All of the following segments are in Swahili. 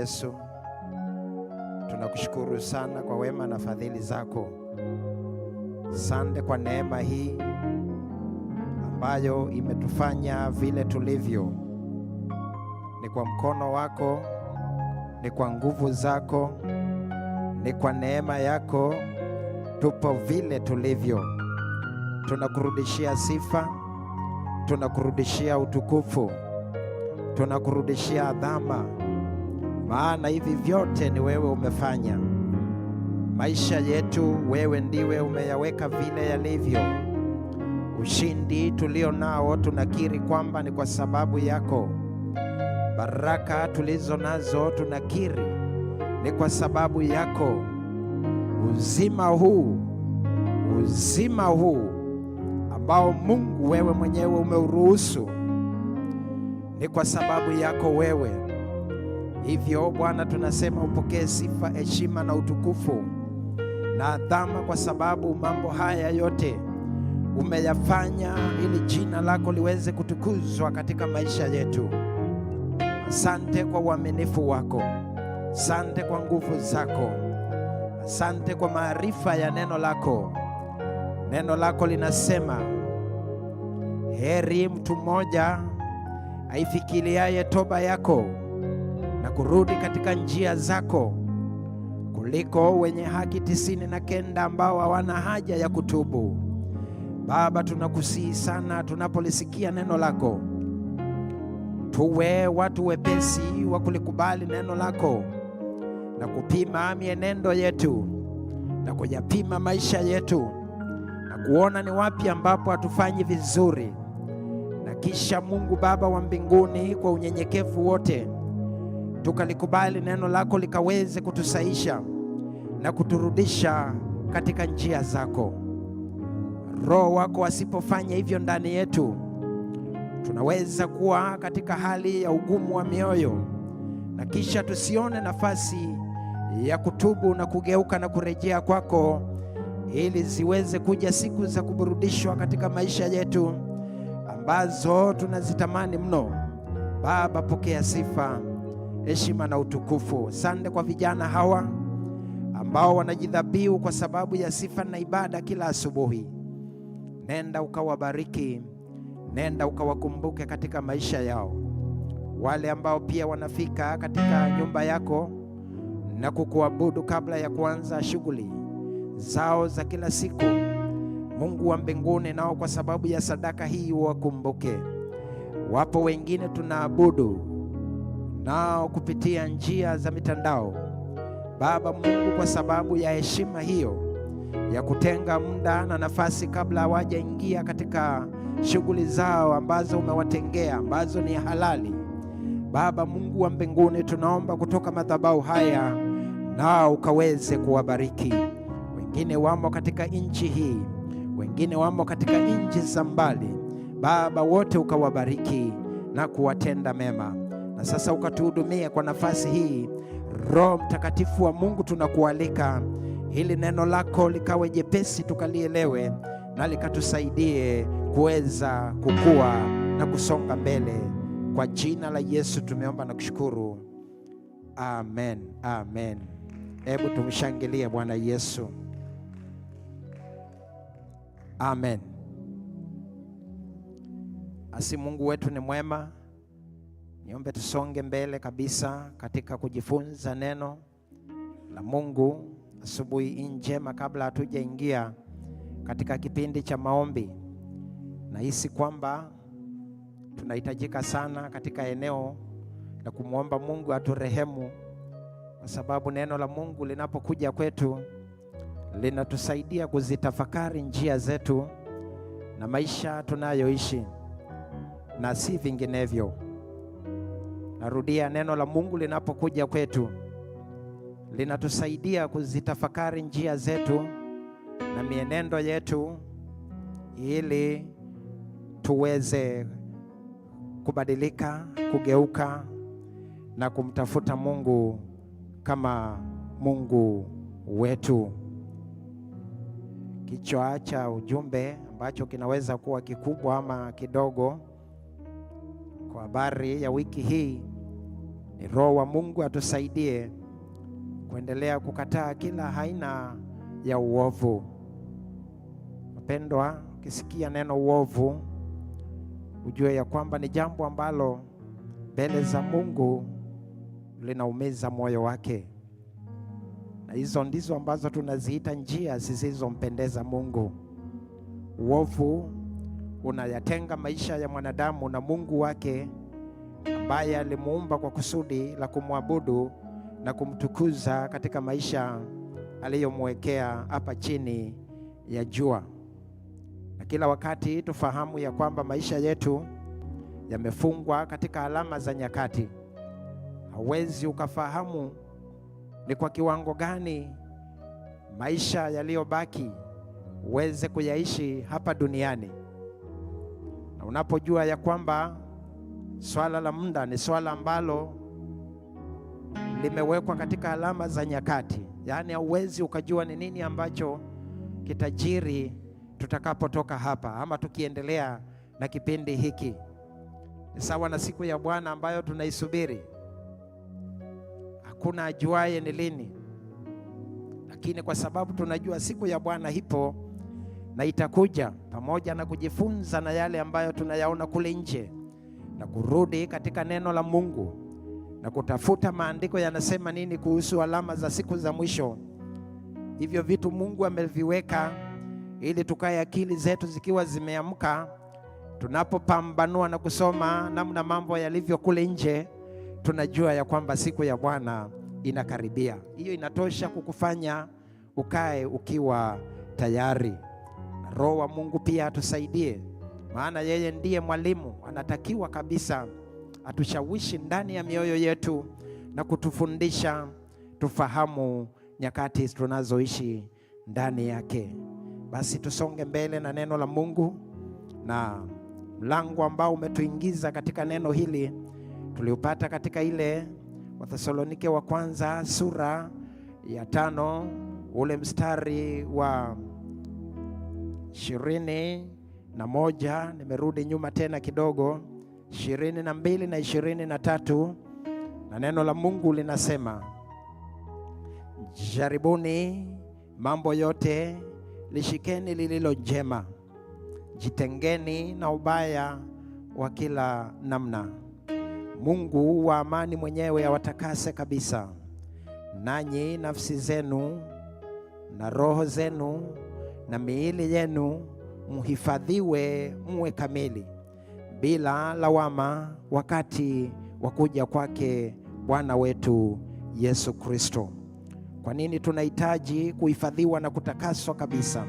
Yesu, tunakushukuru sana kwa wema na fadhili zako. Sande kwa neema hii ambayo imetufanya vile tulivyo. Ni kwa mkono wako, ni kwa nguvu zako, ni kwa neema yako tupo vile tulivyo. Tunakurudishia sifa, tunakurudishia utukufu, tunakurudishia adhama maana hivi vyote ni wewe umefanya. Maisha yetu wewe ndiwe umeyaweka vile yalivyo. Ushindi tulio nao tunakiri kwamba ni kwa sababu yako. Baraka tulizo nazo tunakiri ni kwa sababu yako. Uzima huu, uzima huu ambao Mungu wewe mwenyewe umeuruhusu ni kwa sababu yako wewe Hivyo Bwana, tunasema upokee sifa, heshima na utukufu na adhama, kwa sababu mambo haya yote umeyafanya ili jina lako liweze kutukuzwa katika maisha yetu. Asante kwa uaminifu wako, asante kwa nguvu zako, asante kwa maarifa ya neno lako. Neno lako linasema heri mtu mmoja aifikiliaye toba yako na kurudi katika njia zako kuliko wenye haki tisini na kenda ambao hawana haja ya kutubu. Baba, tunakusihi sana, tunapolisikia neno lako tuwe watu wepesi wa kulikubali neno lako na kupima mienendo yetu na kuyapima maisha yetu na kuona ni wapi ambapo hatufanyi vizuri, na kisha Mungu Baba wa mbinguni, kwa unyenyekevu wote tukalikubali neno lako likaweze kutusaisha na kuturudisha katika njia zako. Roho wako asipofanya hivyo ndani yetu, tunaweza kuwa katika hali ya ugumu wa mioyo na kisha tusione nafasi ya kutubu na kugeuka na kurejea kwako, ili ziweze kuja siku za kuburudishwa katika maisha yetu ambazo tunazitamani mno. Baba, pokea sifa heshima na utukufu. Sande kwa vijana hawa ambao wanajidhabihu kwa sababu ya sifa na ibada kila asubuhi. Nenda ukawabariki, nenda ukawakumbuke katika maisha yao. Wale ambao pia wanafika katika nyumba yako na kukuabudu kabla ya kuanza shughuli zao za kila siku, Mungu wa mbinguni, nao kwa sababu ya sadaka hii wakumbuke. Wapo wengine tunaabudu nao kupitia njia za mitandao. Baba Mungu, kwa sababu ya heshima hiyo ya kutenga muda na nafasi kabla hawajaingia katika shughuli zao ambazo umewatengea ambazo ni halali, Baba Mungu wa mbinguni, tunaomba kutoka madhabahu haya, nao ukaweze kuwabariki. Wengine wamo katika nchi hii, wengine wamo katika nchi za mbali. Baba, wote ukawabariki na kuwatenda mema na sasa ukatuhudumia kwa nafasi hii. Roho Mtakatifu wa Mungu, tunakualika ili neno lako likawe jepesi, tukalielewe na likatusaidie kuweza kukua na kusonga mbele. Kwa jina la Yesu tumeomba na kushukuru, amen, amen. Hebu tumshangilie Bwana Yesu, amen. Asi Mungu wetu ni mwema Niombe tusonge mbele kabisa katika kujifunza neno la Mungu asubuhi hii njema. Kabla hatujaingia katika kipindi cha maombi, nahisi kwamba tunahitajika sana katika eneo la kumwomba Mungu aturehemu, kwa sababu neno la Mungu linapokuja kwetu linatusaidia kuzitafakari njia zetu na maisha tunayoishi na si vinginevyo. Narudia, neno la Mungu linapokuja kwetu linatusaidia kuzitafakari njia zetu na mienendo yetu ili tuweze kubadilika, kugeuka na kumtafuta Mungu kama Mungu wetu. Kichwa cha ujumbe ambacho kinaweza kuwa kikubwa ama kidogo kwa habari ya wiki hii ni Roho wa Mungu atusaidie kuendelea kukataa kila aina ya uovu. Mpendwa, ukisikia neno uovu, ujue ya kwamba ni jambo ambalo mbele za Mungu linaumiza moyo wake, na hizo ndizo ambazo tunaziita njia zisizompendeza Mungu. Uovu unayatenga maisha ya mwanadamu na Mungu wake ambaye alimuumba kwa kusudi la kumwabudu na kumtukuza katika maisha aliyomwekea hapa chini ya jua. Na kila wakati tufahamu ya kwamba maisha yetu yamefungwa katika alama za nyakati. Hauwezi ukafahamu ni kwa kiwango gani maisha yaliyobaki uweze kuyaishi hapa duniani, na unapojua ya kwamba Swala la muda ni swala ambalo limewekwa katika alama za nyakati, yaani hauwezi ukajua ni nini ambacho kitajiri tutakapotoka hapa ama tukiendelea na kipindi hiki. Ni sawa na siku ya Bwana ambayo tunaisubiri, hakuna ajuaye ni lini, lakini kwa sababu tunajua siku ya Bwana ipo na itakuja, pamoja na kujifunza na yale ambayo tunayaona kule nje na kurudi katika neno la Mungu na kutafuta maandiko yanasema nini kuhusu alama za siku za mwisho. Hivyo vitu Mungu ameviweka ili tukae akili zetu zikiwa zimeamka, tunapopambanua na kusoma namna mambo yalivyo kule nje, tunajua ya kwamba siku ya Bwana inakaribia. Hiyo inatosha kukufanya ukae ukiwa tayari. Roho wa Mungu pia atusaidie maana yeye ndiye mwalimu, anatakiwa kabisa atushawishi ndani ya mioyo yetu na kutufundisha tufahamu nyakati tunazoishi ndani yake. Basi tusonge mbele na neno la Mungu, na mlango ambao umetuingiza katika neno hili tuliupata katika ile Wathesalonike wa kwanza sura ya tano ule mstari wa ishirini na moja. Nimerudi nyuma tena kidogo, ishirini na mbili na ishirini na tatu na neno la Mungu linasema jaribuni mambo yote, lishikeni lililo jema, jitengeni na ubaya wa kila namna. Mungu wa amani mwenyewe awatakase kabisa, nanyi nafsi zenu na roho zenu na miili yenu mhifadhiwe, mwe kamili bila lawama, wakati wa kuja kwake Bwana wetu Yesu Kristo. Kwa nini tunahitaji kuhifadhiwa na kutakaswa kabisa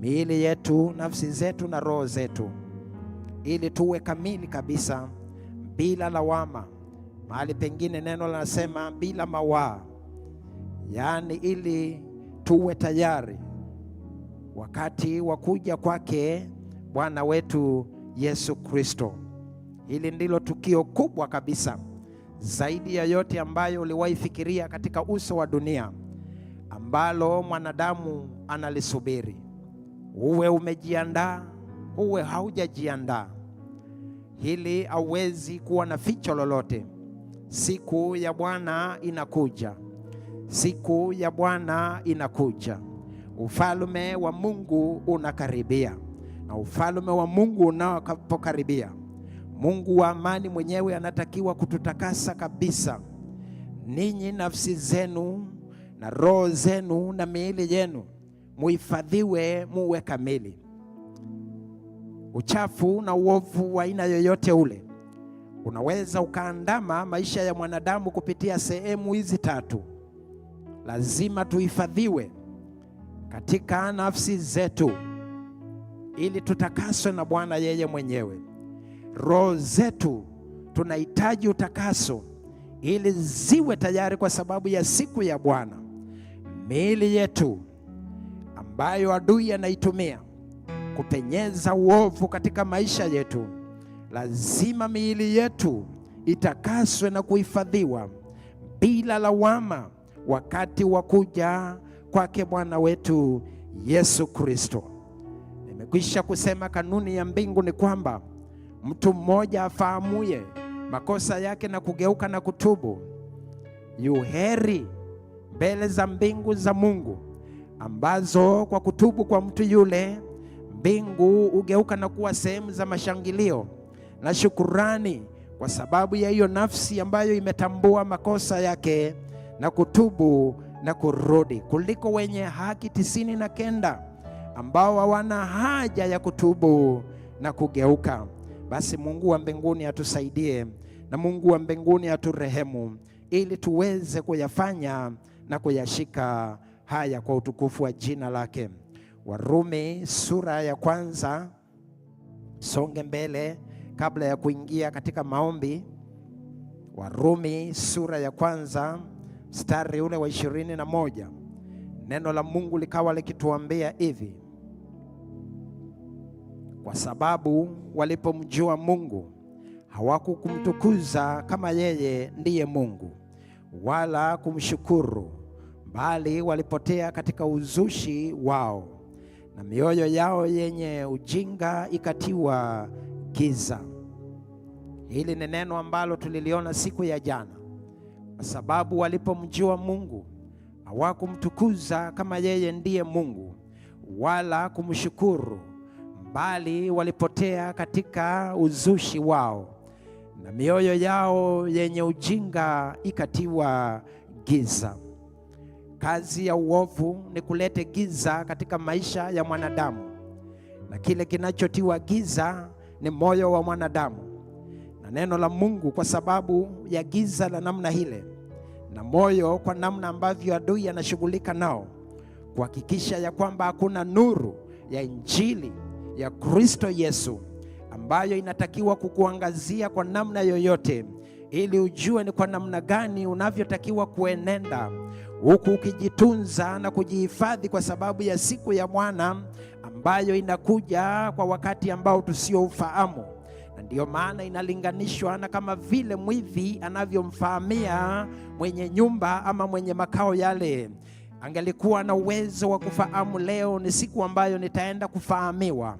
miili yetu, nafsi zetu na roho zetu, ili tuwe kamili kabisa bila lawama. Mahali pengine neno linasema bila mawaa, yaani ili tuwe tayari wakati wa kuja kwake Bwana wetu Yesu Kristo. Hili ndilo tukio kubwa kabisa zaidi ya yote ambayo uliwahi fikiria katika uso wa dunia ambalo mwanadamu analisubiri. Uwe umejiandaa, uwe haujajiandaa, hili hauwezi kuwa na ficho lolote. Siku ya Bwana inakuja, siku ya Bwana inakuja. Ufalme wa Mungu unakaribia, na ufalme wa Mungu unapokaribia, Mungu wa amani mwenyewe anatakiwa kututakasa kabisa, ninyi nafsi zenu na roho zenu na miili yenu muhifadhiwe, muwe kamili. Uchafu na uovu wa aina yoyote ule unaweza ukaandama maisha ya mwanadamu kupitia sehemu hizi tatu. Lazima tuhifadhiwe katika nafsi zetu ili tutakaswe na Bwana yeye mwenyewe. Roho zetu tunahitaji utakaso ili ziwe tayari kwa sababu ya siku ya Bwana. Miili yetu ambayo adui anaitumia kupenyeza uovu katika maisha yetu, lazima miili yetu itakaswe na kuhifadhiwa bila lawama wakati wa kuja kwake Bwana wetu Yesu Kristo. Nimekwisha kusema kanuni ya mbingu ni kwamba mtu mmoja afahamuye makosa yake na kugeuka na kutubu, yuheri mbele za mbingu za Mungu, ambazo kwa kutubu kwa mtu yule mbingu hugeuka na kuwa sehemu za mashangilio na shukurani kwa sababu ya hiyo nafsi ambayo imetambua makosa yake na kutubu na kurudi kuliko wenye haki tisini na kenda ambao hawana haja ya kutubu na kugeuka. Basi Mungu wa mbinguni atusaidie na Mungu wa mbinguni aturehemu ili tuweze kuyafanya na kuyashika haya kwa utukufu wa jina lake. Warumi sura ya kwanza, songe mbele kabla ya kuingia katika maombi. Warumi sura ya kwanza mstari ule wa ishirini na moja neno la Mungu likawa likituambia hivi, kwa sababu walipomjua Mungu kumtukuza kama yeye ndiye Mungu wala kumshukuru, bali walipotea katika uzushi wao, na mioyo yao yenye ujinga ikatiwa giza. Hili ni neno ambalo tuliliona siku ya jana kwa sababu walipomjua Mungu hawakumtukuza kama yeye ndiye Mungu wala kumshukuru, bali walipotea katika uzushi wao, na mioyo yao yenye ujinga ikatiwa giza. Kazi ya uovu ni kulete giza katika maisha ya mwanadamu, na kile kinachotiwa giza ni moyo wa mwanadamu neno la Mungu kwa sababu ya giza la namna ile na moyo kwa namna ambavyo adui anashughulika nao, kuhakikisha ya kwamba hakuna nuru ya Injili ya Kristo Yesu ambayo inatakiwa kukuangazia kwa namna yoyote, ili ujue ni kwa namna gani unavyotakiwa kuenenda, huku ukijitunza na kujihifadhi kwa sababu ya siku ya mwana ambayo inakuja kwa wakati ambao tusioufahamu. Ndiyo maana inalinganishwa na kama vile mwivi anavyomfahamia mwenye nyumba ama mwenye makao yale. Angelikuwa na uwezo wa kufahamu leo ni siku ambayo nitaenda kufahamiwa,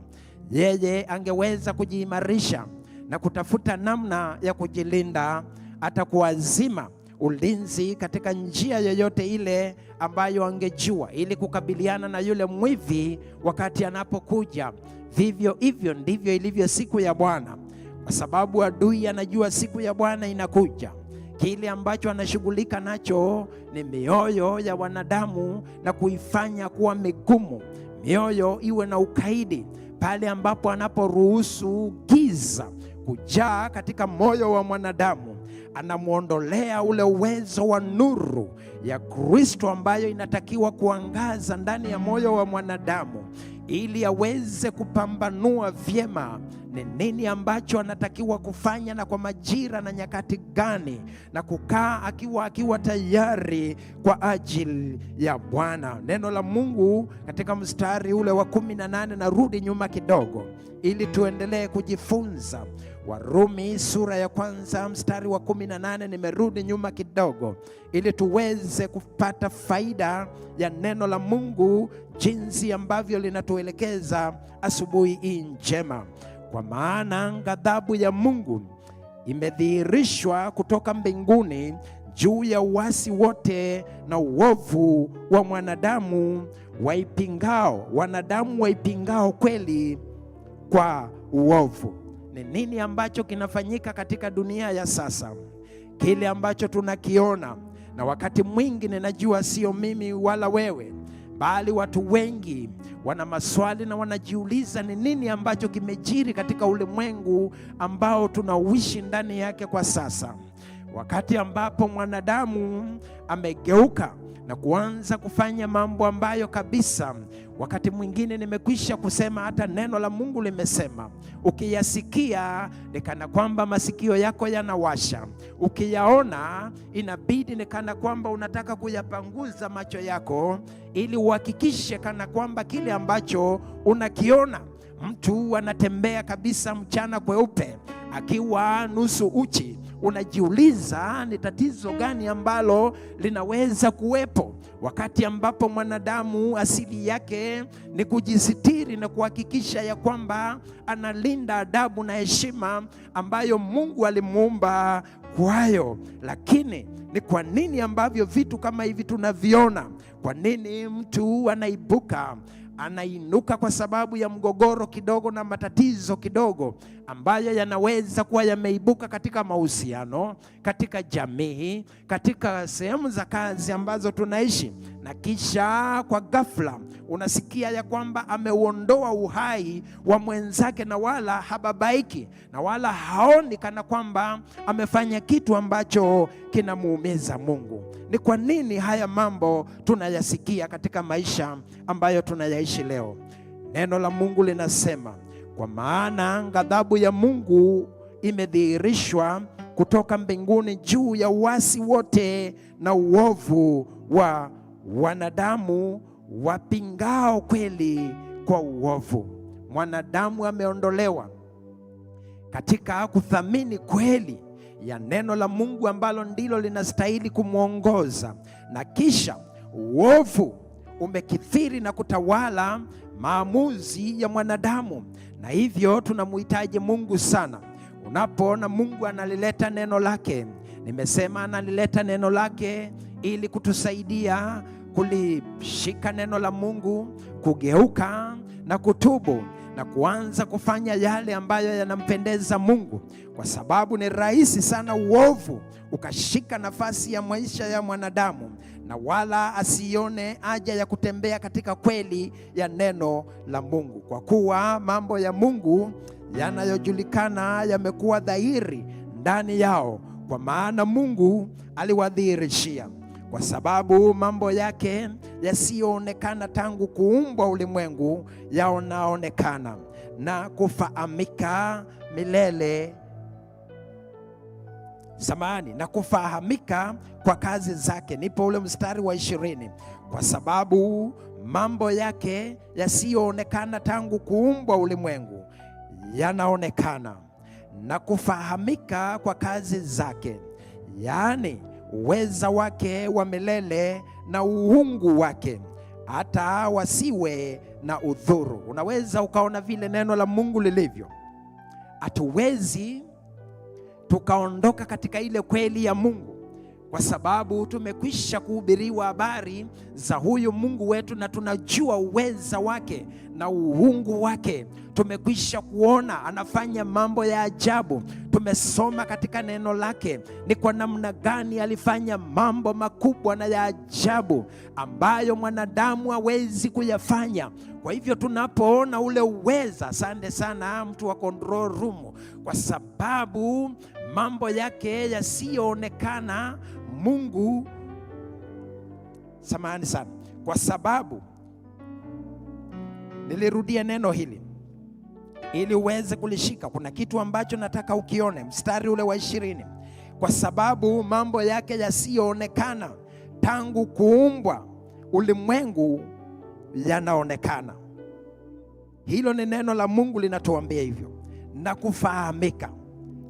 yeye angeweza kujiimarisha na kutafuta namna ya kujilinda, atakuwa zima ulinzi katika njia yoyote ile ambayo angejua ili kukabiliana na yule mwivi wakati anapokuja. Vivyo hivyo ndivyo ilivyo siku ya Bwana kwa sababu adui anajua siku ya Bwana inakuja. Kile ambacho anashughulika nacho ni mioyo ya wanadamu na kuifanya kuwa migumu, mioyo iwe na ukaidi, pale ambapo anaporuhusu giza kujaa katika moyo wa mwanadamu anamwondolea ule uwezo wa nuru ya Kristo ambayo inatakiwa kuangaza ndani ya moyo wa mwanadamu ili aweze kupambanua vyema ni nini ambacho anatakiwa kufanya na kwa majira na nyakati gani, na kukaa akiwa akiwa tayari kwa ajili ya Bwana. Neno la Mungu katika mstari ule wa kumi na nane, narudi nyuma kidogo ili tuendelee kujifunza. Warumi sura ya kwanza mstari wa kumi na nane. Nimerudi nyuma kidogo ili tuweze kupata faida ya neno la Mungu jinsi ambavyo linatuelekeza asubuhi hii njema. Kwa maana ghadhabu ya Mungu imedhihirishwa kutoka mbinguni juu ya uasi wote na uovu wa mwanadamu waipingao, wanadamu waipingao kweli kwa uovu. Ni nini ambacho kinafanyika katika dunia ya sasa? Kile ambacho tunakiona, na wakati mwingi ninajua sio mimi wala wewe bali watu wengi wana maswali na wanajiuliza ni nini ambacho kimejiri katika ulimwengu ambao tunauishi ndani yake kwa sasa, wakati ambapo mwanadamu amegeuka na kuanza kufanya mambo ambayo kabisa Wakati mwingine nimekwisha kusema, hata neno la Mungu limesema, ukiyasikia ni kana kwamba masikio yako yanawasha, ukiyaona inabidi ni kana kwamba unataka kuyapanguza macho yako, ili uhakikishe kana kwamba kile ambacho unakiona. Mtu anatembea kabisa mchana kweupe akiwa nusu uchi, unajiuliza ni tatizo gani ambalo linaweza kuwepo? Wakati ambapo mwanadamu asili yake ni kujisitiri na kuhakikisha ya kwamba analinda adabu na heshima ambayo Mungu alimuumba kwayo. Lakini ni kwa nini ambavyo vitu kama hivi tunaviona? Kwa nini mtu anaibuka anainuka kwa sababu ya mgogoro kidogo na matatizo kidogo ambayo yanaweza kuwa yameibuka katika mahusiano, katika jamii, katika sehemu za kazi ambazo tunaishi, na kisha kwa ghafla unasikia ya kwamba ameuondoa uhai wa mwenzake, na wala hababaiki na wala haoni kana kwamba amefanya kitu ambacho kinamuumiza Mungu. Ni kwa nini haya mambo tunayasikia katika maisha ambayo tunayaishi leo? Neno la Mungu linasema, kwa maana ghadhabu ya Mungu imedhihirishwa kutoka mbinguni juu ya uasi wote na uovu wa wanadamu wapingao kweli kwa uovu. Mwanadamu ameondolewa katika kuthamini kweli ya neno la Mungu ambalo ndilo linastahili kumwongoza, na kisha uovu umekithiri na kutawala maamuzi ya mwanadamu, na hivyo tunamhitaji Mungu sana. Unapoona Mungu analileta neno lake, nimesema analileta neno lake ili kutusaidia kulishika neno la Mungu, kugeuka na kutubu na kuanza kufanya yale ambayo yanampendeza Mungu, kwa sababu ni rahisi sana uovu ukashika nafasi ya maisha ya mwanadamu na wala asione haja ya kutembea katika kweli ya neno la Mungu, kwa kuwa mambo ya Mungu yanayojulikana yamekuwa dhahiri ndani yao, kwa maana Mungu aliwadhihirishia kwa sababu mambo yake yasiyoonekana tangu kuumbwa ulimwengu yanaonekana na kufahamika milele samani na kufahamika kwa kazi zake. Nipo ule mstari wa ishirini, kwa sababu mambo yake yasiyoonekana tangu kuumbwa ulimwengu yanaonekana na kufahamika kwa kazi zake, yaani uweza wake wa milele na uungu wake, hata wasiwe na udhuru. Unaweza ukaona vile neno la Mungu lilivyo. Hatuwezi tukaondoka katika ile kweli ya Mungu kwa sababu tumekwisha kuhubiriwa habari za huyu Mungu wetu, na tunajua uweza wake na uungu wake. Tumekwisha kuona anafanya mambo ya ajabu. Tumesoma katika neno lake ni kwa namna gani alifanya mambo makubwa na ya ajabu ambayo mwanadamu hawezi kuyafanya. Kwa hivyo tunapoona ule uweza, asante sana ah, mtu wa control room, kwa sababu mambo yake yasiyoonekana Mungu samahani sana, kwa sababu nilirudia neno hili ili uweze kulishika. Kuna kitu ambacho nataka ukione, mstari ule wa ishirini, kwa sababu mambo yake yasiyoonekana tangu kuumbwa ulimwengu yanaonekana. Hilo ni neno la Mungu linatuambia hivyo, na kufahamika.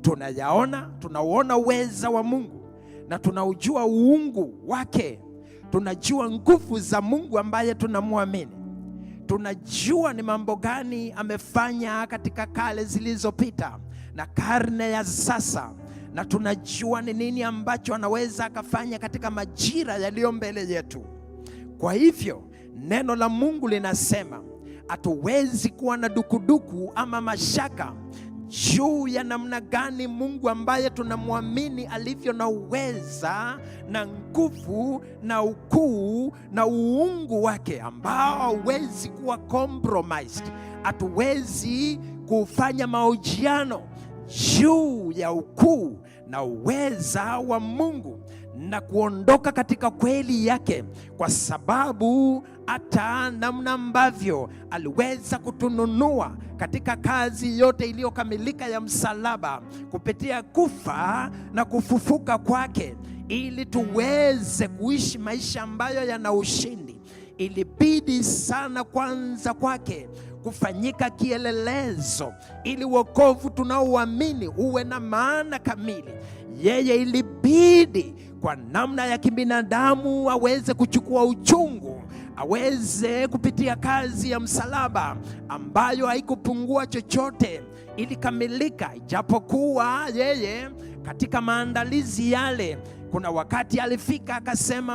Tunayaona, tunauona uweza wa Mungu na tunaujua uungu wake tunajua nguvu za Mungu ambaye tunamwamini. Tunajua ni mambo gani amefanya katika kale zilizopita na karne ya sasa, na tunajua ni nini ambacho anaweza akafanya katika majira yaliyo mbele yetu. Kwa hivyo neno la Mungu linasema hatuwezi kuwa na dukuduku ama mashaka juu ya namna gani Mungu ambaye tunamwamini alivyo na uweza na nguvu na ukuu na uungu wake ambao hauwezi kuwa compromised. Hatuwezi kufanya mahojiano juu ya ukuu na uweza wa Mungu na kuondoka katika kweli yake, kwa sababu hata namna ambavyo aliweza kutununua katika kazi yote iliyokamilika ya msalaba kupitia kufa na kufufuka kwake, ili tuweze kuishi maisha ambayo yana ushindi, ilibidi sana kwanza kwake kufanyika kielelezo, ili wokovu tunaouamini uwe na maana kamili. Yeye ilibidi kwa namna ya kibinadamu aweze kuchukua uchungu, aweze kupitia kazi ya msalaba ambayo haikupungua chochote, ilikamilika. Ijapokuwa yeye katika maandalizi yale, kuna wakati alifika akasema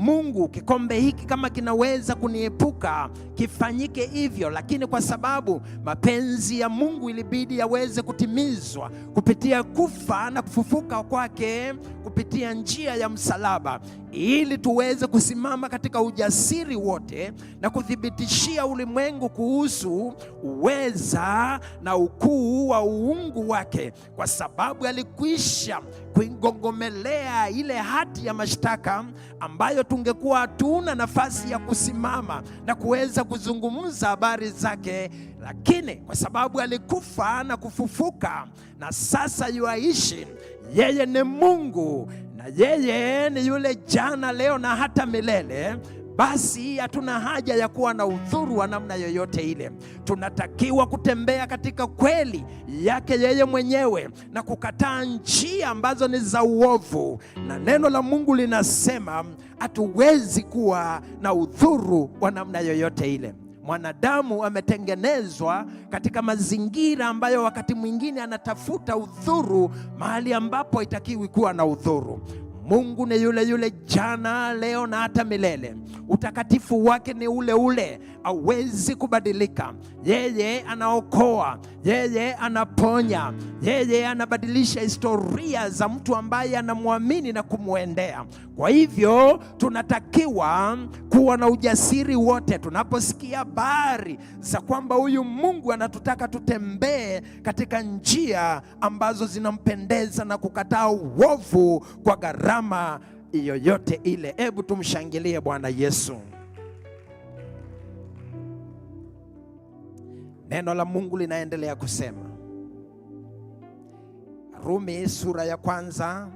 Mungu, kikombe hiki kama kinaweza kuniepuka, kifanyike hivyo, lakini kwa sababu mapenzi ya Mungu ilibidi yaweze kutimizwa kupitia kufa na kufufuka kwake, kupitia njia ya msalaba, ili tuweze kusimama katika ujasiri wote na kuthibitishia ulimwengu kuhusu uweza na ukuu wa uungu wake, kwa sababu alikwisha kuigongomelea ile hati ya mashtaka ambayo tungekuwa hatuna nafasi ya kusimama na kuweza kuzungumza habari zake, lakini kwa sababu alikufa na kufufuka na sasa yuaishi, yeye ni Mungu na yeye ni yule jana, leo na hata milele basi hatuna haja ya kuwa na udhuru wa namna yoyote ile. Tunatakiwa kutembea katika kweli yake yeye mwenyewe na kukataa njia ambazo ni za uovu, na neno la Mungu linasema hatuwezi kuwa na udhuru wa namna yoyote ile. Mwanadamu ametengenezwa katika mazingira ambayo wakati mwingine anatafuta udhuru mahali ambapo haitakiwi kuwa na udhuru. Mungu ni yule yule jana, leo na hata milele. Utakatifu wake ni ule ule, hawezi kubadilika. Yeye anaokoa, yeye anaponya, yeye anabadilisha historia za mtu ambaye anamwamini na kumwendea. Kwa hivyo tunatakiwa kuwa na ujasiri wote tunaposikia habari za kwamba huyu Mungu anatutaka tutembee katika njia ambazo zinampendeza na kukataa uovu kwa gharama kama yoyote ile. Hebu tumshangilie Bwana Yesu. Neno la Mungu linaendelea kusema, Rumi sura ya kwanza.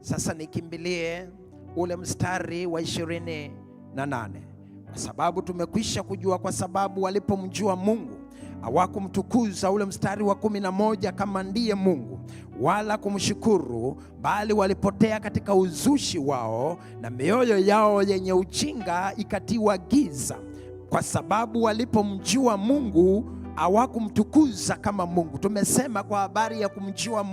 Sasa nikimbilie ule mstari wa ishirini na nane kwa sababu tumekwisha kujua, kwa sababu walipomjua Mungu hawakumtukuza ule mstari wa kumi na moja kama ndiye Mungu wala kumshukuru, bali walipotea katika uzushi wao, na mioyo yao yenye uchinga ikatiwa giza, kwa sababu walipomjua Mungu hawakumtukuza kama Mungu. Tumesema kwa habari ya kumjua